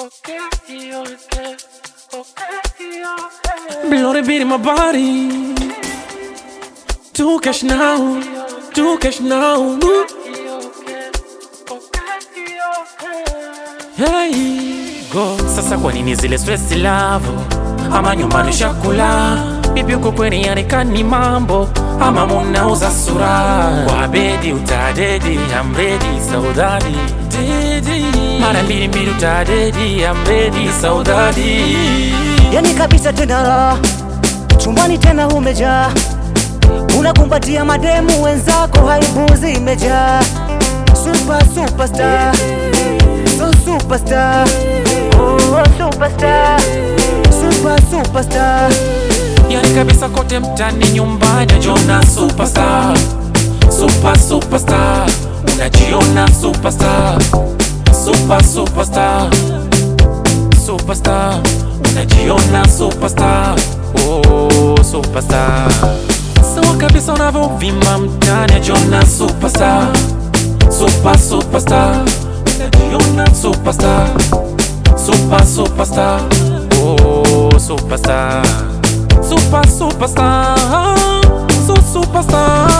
Okay, okay, okay, Below the beat in my body. Too cash now, too cash now. Hey, go. Sasa kwa nini zile stress love? ama nyumbani shakula, bibi uko kweni yarekani mambo, ama munauza sura kwa bedi utadedi amredi saudadi dedi mara mbili mbili utadedi amredi saudadi, yani kabisa tena raha chumbani tena umejaa unakumbatia mademu wenzako haibuzi imejaa super superstar so superstar oh superstar kuwa superstar. Yani kabisa kote mtani, nyumbani najiona superstar, super superstar, unajiona superstar, super superstar, superstar, unajiona superstar, oh superstar. Sawa kabisa unavyovima mtani, najiona superstar, super superstar, unajiona superstar, super superstar, oh. superstar super superstar superstar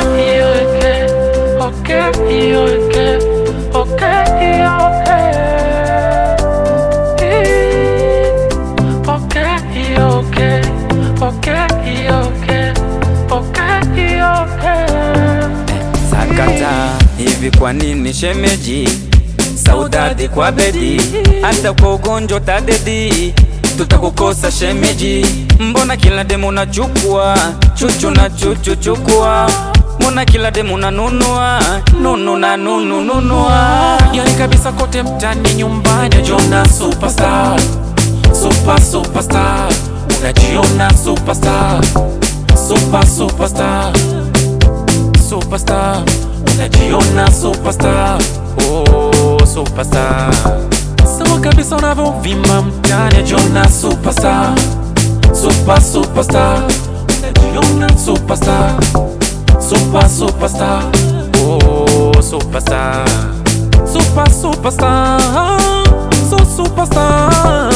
okay okay okay okay okay okay okay okay okay okay okay sakata hivi kwa nini shemeji saudade kwa bedi hata kwa ugonjo tadedi tutakukosa shemeji, mbona kila demu nachukua chuchu na chuchu chukua, mbona kila demu nanunua nunu na nunu nunua, yani kabisa kote mtani nyumbani, najiona superstar super superstar, unajiona superstar super superstar superstar, unajiona superstar oh superstar Imam tjanje gjona superstar Super superstar Unë e superstar Super superstar Oh superstar Super superstar So superstar